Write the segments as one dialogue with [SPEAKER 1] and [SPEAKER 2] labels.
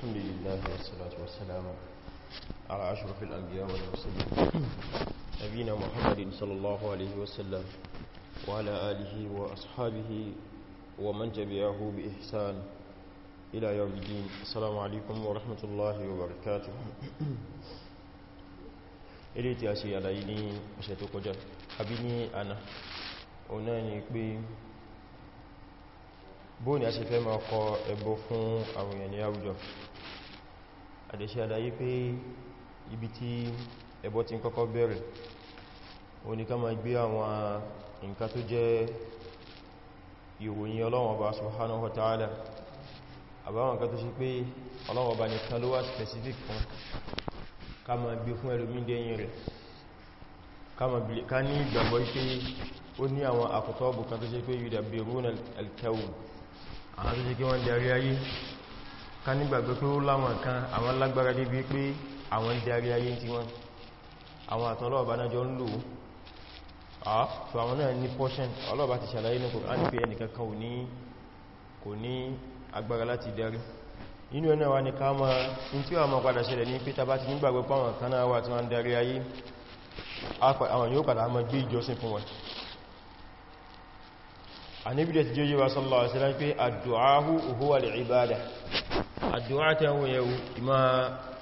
[SPEAKER 1] الحمد لله والصلاة والسلام على أشرف الأنبياء والمرسلين نبينا محمد صلى الله عليه وسلم وعلى آله وأصحابه ومن تبعه بإحسان إلى يوم الدين السلام عليكم ورحمة الله وبركاته إلي تأسي a ṣe àlàyé ní ọ̀sẹ̀ tó kọjá àbí ní àná ọ̀nà ni أنا to koja bóò ni a ṣe fẹ́ ma kọ ẹbọ fún àwọn èèyàn ní àwùjọ àdẹ̀ṣẹ́ àdáyé pé ibi tí ẹbọ ti ń kọ́kọ́ bẹ̀rẹ̀ o ní ká ma gbé àwọn nǹkan tó jẹ́ ìròyìn Ọlọ́run Ọba subhanahu wa àbáwọn nǹkan tó ṣe pé Ọlọ́run Ọba nìkan ló specific fún ká ma gbé fún ẹlòmíndẹ̀yìn rẹ̀ ká ní ìgbàgbọ́ pé ó ní àwọn àkótọ́ọ̀bù kan tó ṣe pé yudabiruna al-kawn àwọn tó ṣe kí wọ́n darí ayé ká nígbàgbé pé ó láwọn kan àwọn lágbára débi pé àwọn darí ayé tí wọ́n àwọn àtọ́lọ́ọ̀bá náà jọ ń lò ó so àwọn náà ní portion ọlọ́ọ̀bá ti ṣàlàyé ní Kùránì pé ẹnìkan kan kò ní agbára láti darí inú ẹ̀nà wa ní ká mọ́ in tí wọ́n mọ́ padà ṣẹlẹ̀ ní pé tàbá ti nígbàgbé pàwọn kan náà wà tí wọ́n darí ayé àwọn yóò padà mọ́ gbé ìjọsìn fún wọn àníbìdẹ̀ ti jẹ́yẹ wa sallallahu alaihi wasallam pé àdùáhù huwa al-ibada àdùá ta wọ́n yẹ̀wò ìmá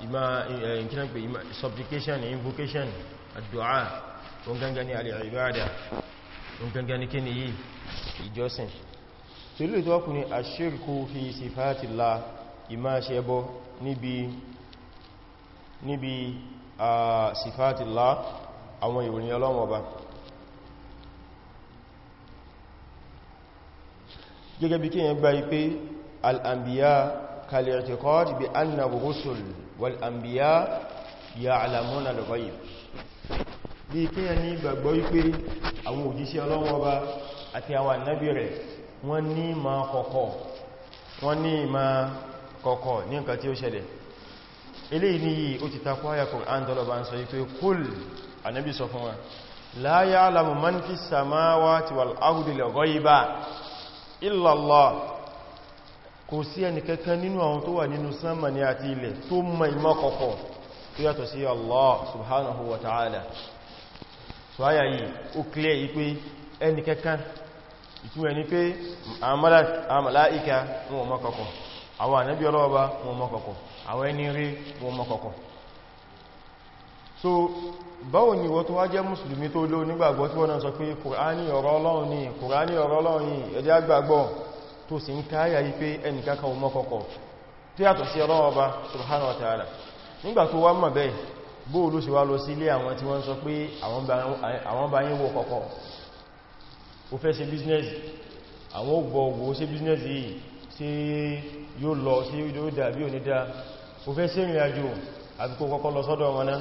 [SPEAKER 1] ìmá ìkínàpé ìmá supplication invocation àdùá wọn gangan ni al-ibada wọn gangan ni kí ni yìí ìjọsìn tí lè tó wákùn ni ashirku fi sifatillah ìmá ṣẹbọ níbi níbi sifatillah àwọn ìròyìn ọlọ́wọ́ gẹ́gẹ́ bí kíyàn gba ipé al'ambiya kalirtikot bi anna rusul wal'ambiya ya alamuna al-ghaib bí kíyàn ní gbàgbọ́ ipé àwọn òjíṣẹ́ Ọlọ́hun Ọba àti àwọn annabi rẹ̀ wọ́n ní ma kọ̀kọ̀ wọ́n ní ma kọ̀kọ̀ ní nǹkan tí ó ṣẹlẹ̀ eléyìí ni ó ti takọ àyà Qur'an tọ́lọ̀bá ń sọ ipé kúl annabi sọ fún wa la ya'lamu man fis samawati wal ardi al-ghaiba illallah kò sí ẹnìkankan nínú àwọn tó wà nínú sánmà ní àti ilẹ̀ tó mọ̀ ìmọ̀ kọ̀kọ̀ tó yàtọ̀ sí Allah subhanahu wa ta'ala so aya yìí ó clear yìí pé ẹnìkankan ìtumọ̀ ní pé àmàláìka wọn mọ̀ kọ̀kọ̀ so báwo ni ìwọ tó wá jẹ́ mùsùlùmí tó ló nígbàgbọ́ tí wọ́n náà sọ pé kùránì ọ̀rọ̀ ọlọ́run ni kùránì ọ̀rọ̀ ọlọ́run yìí ẹjẹ́ àgbàgbọ́ tó sì ń káyà yí pé ẹnìkankan mọ́ kọ̀kọ̀ tó yàtọ̀ sí ọlọ́run ọba subhanahu wa ta'ala nígbà tó wá mọ̀ bẹ́ẹ̀ bó ló sì wá lọ sí ilé àwọn tí wọ́n sọ pé àwọn bá yín wo kọ̀kọ̀ ó fẹ́ ṣe bísínẹ́sì àwọn ò gbọ́ wo ṣe bísínẹ́sì yìí tí yóò lọ sí yóò dà bí ò ní dá ó fẹ́ ṣe ìrìn àjò àbíkó kọ́kọ́ lọ sọ́dọ̀ wọn náà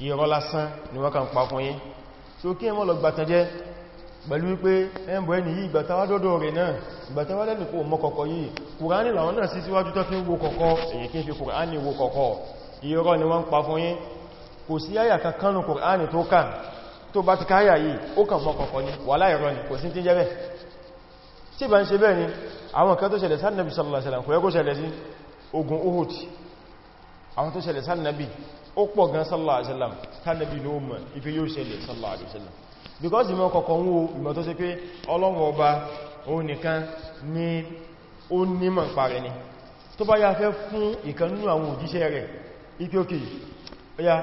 [SPEAKER 1] irọ́ lásán ni wọ́n kàn pa fún yín tí ó kí ẹmọ́ lọ gbàtànjẹ́ pẹ̀lú wípé ẹmbọ̀ ẹni yìí ìgbàtàwádọ́dọ̀ rẹ̀ náà ìgbàtàwádẹ́nù kò mọ̀ kọ̀kọ̀ yìí kùránì làwọn náà sí síwájú tó fi wo kọ̀kọ̀ èyí kí n fi kùránì wo kọ̀kọ̀ irọ́ ni wọ́n pa fún yín kò sí àyà kankanù kùránì tó kàn tó bá ti káyà yìí ó kàn mọ̀ kọ̀kọ̀ ni wà láìrọ́ ni kò sí ti jẹ́ bẹ́ tí bá ń ṣe bẹ́ẹ̀ ni àwọn kan tó ṣẹlẹ̀ sánàbì sallallahu alaihi wasallam kò yẹ kó ṣẹlẹ̀ sí ogun Uhud àwọn tó ṣẹlẹ̀ sánàbì ó pọ̀ gan sallallahu alaihi wasallam tánàbí ló mọ̀ ife yóò ṣẹlẹ̀ sallallahu alaihi wasallam because ìmọ̀ kọ̀kọ̀ ń wo ìmọ̀ tó ṣe pé ọlọ́run ọba òun ni ó nímọ̀ parẹ́ ni tó bá ya fẹ́ fún ìkan nínú àwọn òjíṣẹ́ rẹ̀ ipe òkè ọya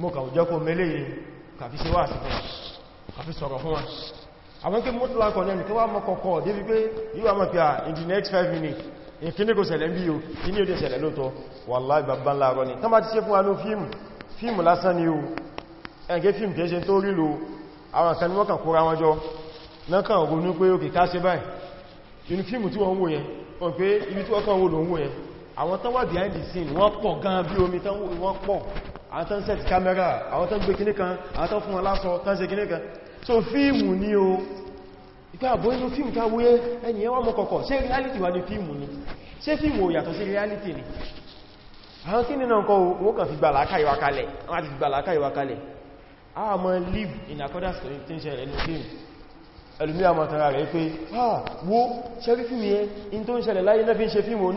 [SPEAKER 1] mo kà òjẹ́ kó mẹ́lẹ̀ yìí kàfi ṣe wá sí fún kàfi sọ̀rọ̀ fún wa ah, in the next five ìkíníkò ṣẹlẹ̀ bí o inú ìdí ṣẹlẹ̀ lóòtọ́ wàláì bàbá láàrọ ni tán bá ti ṣe fún aló fíìmù fíìmù lásán ni o ẹgbẹ́ fíìmù kìí ṣe tó rílò àwọn kan wọ́n kàn kóra wọn jọ nákan ronú pé pé behind the scene wọ́n pọ̀ gan bí omi tán wọ́n pọ̀ àwọn tán set camera àwọn tán gbé kíní kan ìpá àbọ̀ inú fíìmù táwọ́ ẹni ẹwà mọ́ kọ̀kọ̀ ṣe reality wà ní fíìmù ni ṣe fíìmù ò yàtọ̀ sí reality ni àwọn kí nínú ọkọ̀ wọ́n kàn fi gbà láàká live in accordance with intention ẹni fíìmù ẹlùmí àmọ́ ah wo ṣe rí fíìmù yẹn in tó ń ṣẹlẹ̀ láyé náà fi ń ṣe fíìmù ò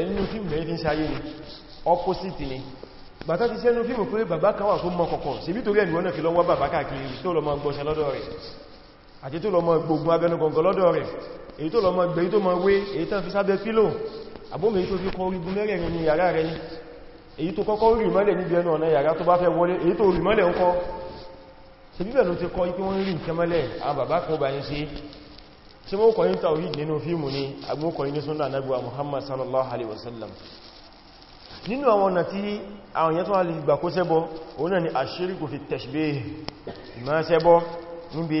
[SPEAKER 1] náà opposite ni bàtá ti ṣẹ́nu fíìmù pé bàbá kan wà tó mọ́ kọ̀kọ̀ sí bí torí ẹ̀nìwọ́n náà fi lọ́wọ́ bàbá káàkiri tó lọ mọ́ gbọ́ṣẹ́ lọ́dọ̀ rẹ̀ àti tó lọ mọ gbogbo abẹnu kọ̀ǹkọ̀ lọ́dọ̀ rẹ̀ èyí tó lọ mọ gbé tó mọ wé èyí tán fi sábẹ́ fílò àbómi èyí tó fi kọ orígun mẹ́rẹ̀ẹ̀rin ní yàrá rẹ̀ ní èyí tó kọ́kọ́ rì mọ́lẹ̀ níbi ẹnu ọ̀nà yàrá tó bá fẹ́ wọlé èyí tó rì mọ́lẹ̀ ń kọ́ ṣe bíbẹ̀ ló ti kọ́ ipé wọ́n rì nǹkan mọ́lẹ̀ àbàbá kan bá yín ṣe ṣe mọ́ kọ́ yín tawhid nínú fíìmù ni agbókọ̀ yín ní sunnah nabuwa muhammad sallallahu alaihi wasallam nínú àwọn ọ̀nà tí àwọn yẹn tó wà lè gbà kó ṣẹbọ òun náà ni àṣírí kò fi tashbih ìmá ṣẹbọ níbi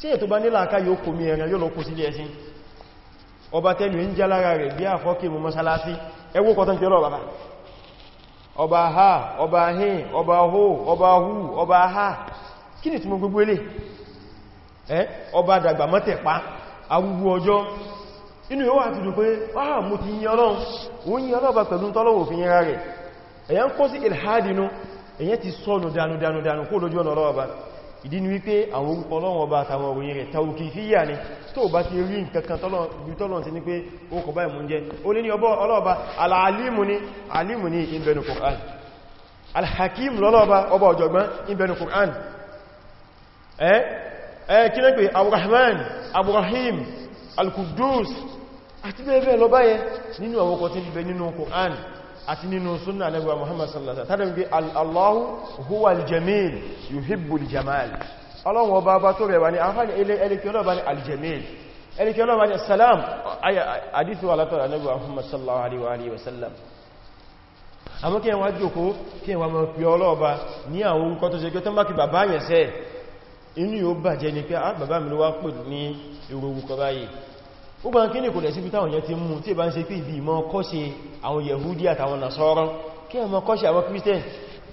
[SPEAKER 1] ṣe ètò bá nílà aká yóò kòmí ẹran yóò lọ kó sílé ẹ̀sìn ọba tẹ́nu ń jálára rẹ̀ bí àfọ́kè mọ́ mọ́sálásí ẹwọ́ kọtán ọba ha ọba hin ọba hụ ọba hu ọba ha kí ni túnmọ̀ gbogbo ilé ọba dàgbà pa arúgbó ọjọ́ inú yóò wà tuntun pé ìdí ni wípé àwọn orúkọ Ọlọ́run ọba àtàwọn òròyìn rẹ̀ tawqifiyya ni tó bá ti rí nǹkankan tọ́lọ́run ti ní pé ó kọ̀ báyìí mú jẹ́ ó ní ọbọ̀ ọlọ́ọba alàálìmù ni alìmù ni ìbẹ̀nù Qur'an alhakim lọ́lọ́ọba ọba ọ̀jọ̀gbọ́n ìbẹ̀nù Qur'an ẹ́ ẹ́ kí lẹ́gbẹ̀ Aburahman Aburahim Alkudus àti bẹ́ẹ̀ bẹ́ẹ̀ lọ báyẹ nínú àwọn ọkọ̀ tí ń bẹ Qur'an àti nínú súnnà Ànábì Muhammad sallallahu alaihi wasallam bí Allahu huwa aljamil yuhibbul jamal ọlọ́run ọba bá tó rẹwà ní àfáàní ẹlẹ́kẹ́ ọlọ́ba ní aljamil ẹlẹ́kẹ́ ọlọ́ba ní salam àdísù alátọ̀ Ànábì Muhammad sallallahu alaihi wasallam àmọ́ kí ẹwà jòkó kí ẹwà mọ̀ pí ọlọ́ọba ní àwọn orúkọ tó ṣe kí ó tán bá kí bàbá ó gbọ́n kí ní kò lẹ̀sí pítàwọn yẹn ti mú tí ìbá ń ṣe pé ibi ìmọ̀ kọ́ṣe àwọn yẹ̀húdí àtàwọn nàṣọ́rọ̀ kí ẹmọ kọ́ṣe àwọn kírísítẹ̀n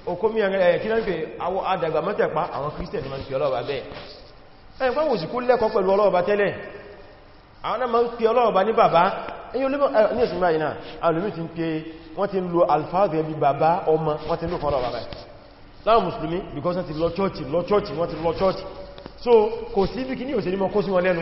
[SPEAKER 1] okó mi ẹ̀rẹ̀ kí lọ́n pé àwọn adàgbà mẹ́tẹ̀pá àwọn kírísítẹ̀n ma ń pè ọlọ́ọ̀bá bẹ́ẹ̀ ẹ̀yìn pàwọ̀ òsìkú lẹ́kọ́ pẹ̀lú ọlọ́ọ̀bá tẹ́lẹ̀ àwọn náà ma ń pè ọlọ́ọ̀bá ní bàbá ẹ̀yìn olóbọ̀ ní ẹ̀sùn báyìí náà alùmí ti ń pè wọ́n ti ń lo alfáàdù ẹbí bàbá ọmọ wọ́n ti ń lò fọ́lọ̀ bàbá láwọn mùsùlùmí because wọ́n ti lọ chọ́ọ̀tì lọ chọ́ọ̀tì wọ́n ti lọ chọ́ọ̀tì so kò sí bí kí ní òsèlú mọ́ kó sí wọn lẹ́nu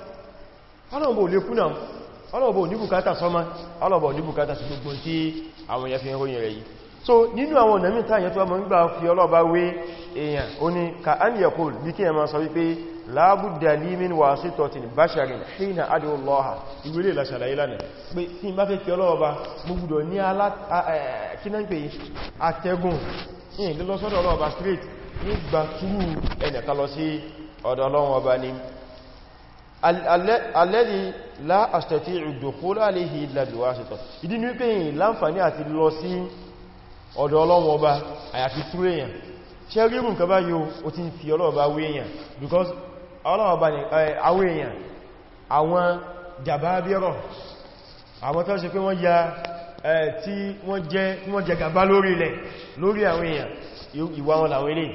[SPEAKER 1] ọlọ́ọ̀bọ̀ lè kú náà ọlọ́ọ̀bọ̀ ní sọ́mọ́ ọlọ́ọ̀bọ̀ ní sí gbogbo tí àwọn èèyàn fi ń ròyìn rẹ̀ yìí so nínú àwọn ọ̀nà mìta èèyàn tó wà mọ́ ń gbà fi ọlọ́ọ̀bá wé èèyàn ó ní ka an yẹ kó bí kí ẹ máa sọ wípé láàbùdà límin wà sí tọ̀tìn basharin hìna adìwọ̀lọ́ha ìwélé ìlàṣàlàyé ọba ni alladhi la astati'u ad-dukhul alayhi illa biwasita ìdí ní pé yìí láǹfàní àti lọ sí ọ̀dọ̀ ọlọ́wọ́ ọba àyàfi túrú èyàn ṣe rí rùn kọba yóò ó ti fi ọlọ́ọ̀bá wé because ọlọ́ọ̀bá ni àwọ èyàn àwọn jàbábírọ̀ àwọn tó ṣe pé wọ́n ya tí wọ́n jẹ gàbá lórí ilẹ̀ lórí àwọn èyàn ìwà wọn làwọn ilé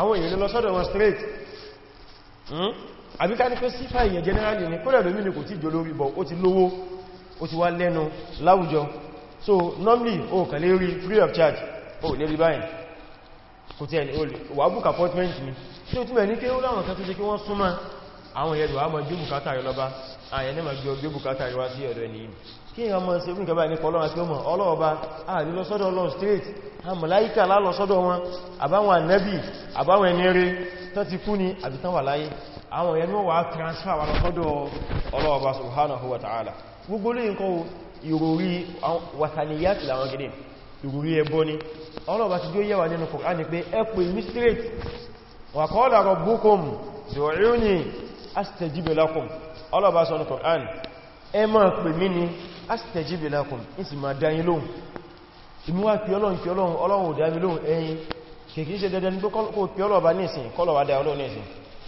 [SPEAKER 1] àwọn èyàn lọ sọ́dọ̀ wọn straight hmm? àbí ká ní pé sífà èèyàn generally ní kúrẹ̀ lómìnì kò tí dolórí bọ̀ ó ti lówó ó ti wá lẹ́nu láwùjọ so normally o kà lè rí free of charge o lè rí báyìí kò tí ẹni wà book appointment ni tí ó túnmẹ̀ ní pé ó láwọn kan tó jẹ́ kí wọ́n súnmọ́ àwọn ìyẹ̀dù àmọ́ gbé bùkátà rẹ̀ lọ́ba àyẹ̀ ní ma gbé bùkátà rẹ̀ wá sí ọ̀dọ̀ ẹni yìí kí èèyàn mọ́ sí orúkẹ báyìí nípa ọlọ́run àti ọmọ ọlọ́ọ̀ba ààrí lọ́sọ́dọ̀ àbáwọn ẹni eré tó ti kú ni àbítán láyé àwọn yẹn wọ́n wà transfer wà lọ́dọ̀ ọlọ́ọ̀bá subhanahu wa ta'ala gbogbo lè ń kọ́ ìròrí wàtàníyà ti láwọn gidi ìròrí ẹbọ ni ọlọ́ọ̀bá ti jó yẹwà nínú Qur'an ni pé ẹpù imistrate wa qala rabbukum ud'uni astajib lakum ọlọ́ọ̀bá sọ ní Qur'an ẹ máa pè mí ni astajib lakum ìsì máa dá yín lóhùn ìmúwà pí ọlọ́run pí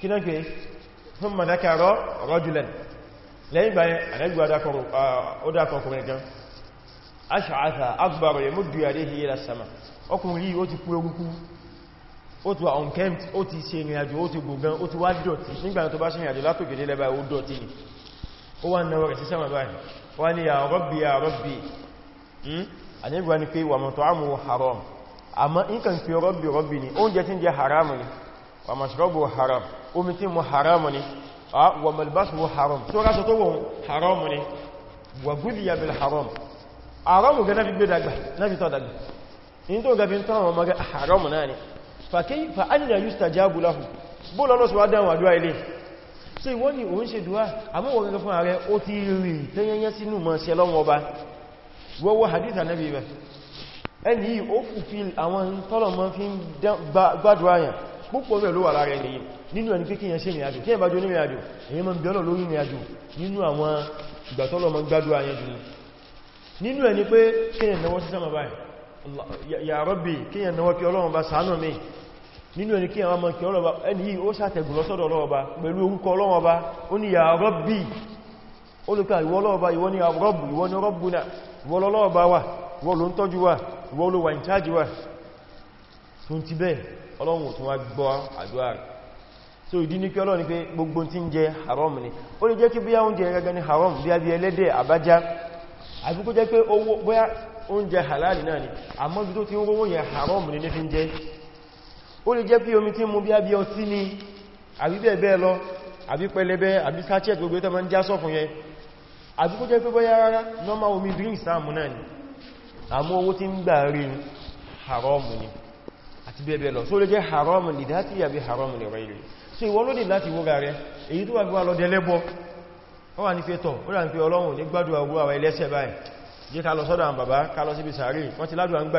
[SPEAKER 1] kí náà pé fún mọ̀dákàrọ̀ rọ́jùlẹ̀ lẹ́yìn báyẹn àrẹ́gbà ọdákọkùnrin ah, kan aṣàáta agbàrọ̀ yẹ múdù yàrí hìí ilẹ̀ sama ọkùnrin yìí ó ti kú eruku ó ti wà unkempt ó ti ṣe ìrìnàjò ó ti gùngán ó ti wá dọ̀tí nígbà tó bá ṣe ìrìnàjò látòkèdè lẹ́bà ó dọ̀tí ni ó wá náwọ̀ rẹ̀ sí sama báyìí wá ní ya Rabbi ya Rabbi hmm? àníbà ni pé wà wa mashrabu haram omi tí mu haram ni wa malbasu haram tí ó rásọ tó wọ́n haram ni wa gudiya bil haram haram ga náfi gbé dàgbà náfi tọ́ dàgbà in tó gabi tán wọn maga haram náà ni fa anna yustajabu lahu bóòlọ́ lọ́sọ̀ wá dáwọn àdúrà ilé so ìwọ́n ni òun ṣe dùá àmúwọ̀ gẹ́gẹ́ fún ààrẹ ó ti rí tẹ́yẹnyẹ́ sínú mọ̀ sí ẹlọ́wọ́ ọba wọ́wọ́ hadith anábì rẹ̀ ẹni ó fùfil àwọn tọ́lọ̀mọ́ fi ń gbádùn àyàn púpọ̀ rẹ̀ ló wà lára ẹni nínú ẹni pé kíyàn sí ìrìnàjò kí ẹ̀bájú ní ìrìnàjò èyí mọ́ bíọ́lọ̀ lórí ìrìnàjò nínú àwọn ìgbàtọ́lọ̀ mọ́ gbádùn ayé jù nínú ẹni pé kíyàn náwó sí sáma báyìí ya Rabbi kíyàn náwó kí Ọlọ́run bá ṣàánú mi nínú ẹni kíyàn ọlọ́run tún wá gbọ́ àdúrà rẹ̀ so ìdí ní pé ọlọ́run ní pé gbogbo tí ń jẹ haram ni ó lè jẹ́ kí bí oúnjẹ gẹ́gẹ́ ní haram bí abí ẹlẹ́dẹ̀ àbájá àbí kó jẹ́ pé owó bóyá oúnjẹ halali náà ni àmọ́ bí tó ti ń rówó yẹn haram ni ní fi ń jẹ ó lè jẹ́ pé omi tí mu bí abí ọtí ni àbí bẹ́ẹ̀ bẹ́ẹ̀ lọ haram ni àti bẹ́ẹ̀ bẹ́ẹ̀ lọ so lè jẹ́ haramun lè dá sí àbí haramun lè rẹ̀ rẹ̀ so ìwọ lóde láti wọ́gá rẹ̀ èyí tó wà bí wà lọ dẹ̀lẹ́bọ́ ó wà ní fẹ́ tọ̀ ó dà ní pé ọlọ́run ní gbádùn àwọn àwọn ẹlẹ́ṣẹ̀ báyìí jẹ́ ká lọ sọ́dọ̀ àwọn bàbá ká lọ síbi sàárì wọ́n ti ládùn àgbà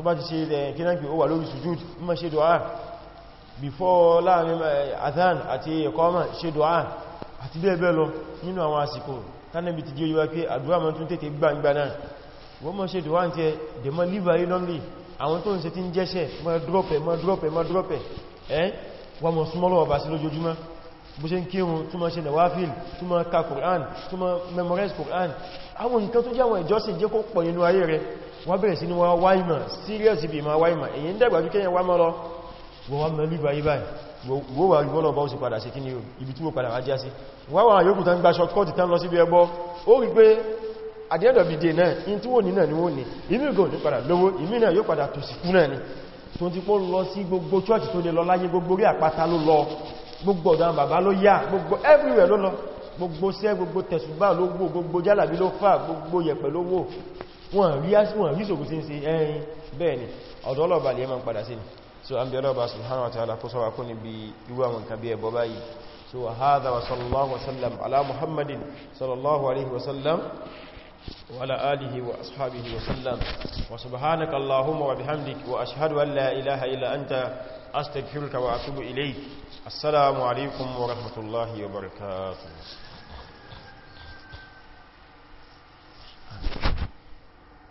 [SPEAKER 1] tó bá ti ṣe ilẹ̀ eh, kínáàkì ó wà lórí sujúd ma ṣe dùá before láàrin eh, adhan àti ẹ̀kọ́mà ṣe dùá àti bẹ́ẹ̀bẹ́ẹ̀ lọ nínú àwọn àsìkò tánàbí ti di oyíwá pé àdúrà ma tún tètè gbangba náà wọ́n ma ṣe dùá ń tẹ dẹ̀mọ́ líbà ilọ́mlì àwọn tó ń ṣe ti ń jẹ́ṣẹ̀ ma drọ́pẹ̀ ma drọ́pẹ̀ ma drọ́pẹ̀ ẹ́ wọ́n mọ̀ súnmọ́lọ́ ọba sí lójoojúmọ́ bó ṣe ń kírun tó ma ṣe nàwáfíìl tó ma ka Qur'an tó ma memorize Qur'an àwọn nǹkan tó jáwọn ìjọsìn jẹ́ kó pọ̀ nínú ayé rẹ̀ wọ́n bẹ̀rẹ̀ sí ní wọ́n wáìmà serious ibi ma wáìmà èyí ń dẹ̀gbàjú kẹ́yàn wá mọ́lọ wọ́n wá mẹ́lú ìbáyí báyìí wọ́n wà rí bọ́nà bá ó sì padà sí kí ní ibi tí wọ́n padà wájá ó at the end of the day náà in tí wọ́n ni wọ́n ní ìmí ìgò ní padà lówó ìmí náà yóò sí kú ni tó ti pọ́ lọ sí gbogbo church tó lè lọ láyé gbogbo rí àpáta ló lọ gbogbo ọ̀dọ̀ bàbá everywhere ló lọ gbogbo sẹ́ gbogbo tẹ̀sùbá ló gbogbo jálàbí ló fà gbogbo yẹ̀pẹ̀ ló wò wọ́n rí ṣògùn sí ṣe ẹ̀yìn bẹ́ẹ̀ ni ọ̀dọ̀ ọlọ́ọ̀bà lè máa padà sí ni so an bí ọlọ́ọ̀bà subhanahu wa ta'ala kó sọ wá kún ní bí irú àwọn nǹkan bí ẹbọ báyìí so wa hadha sallallahu wasallam ala muhammadin sallallahu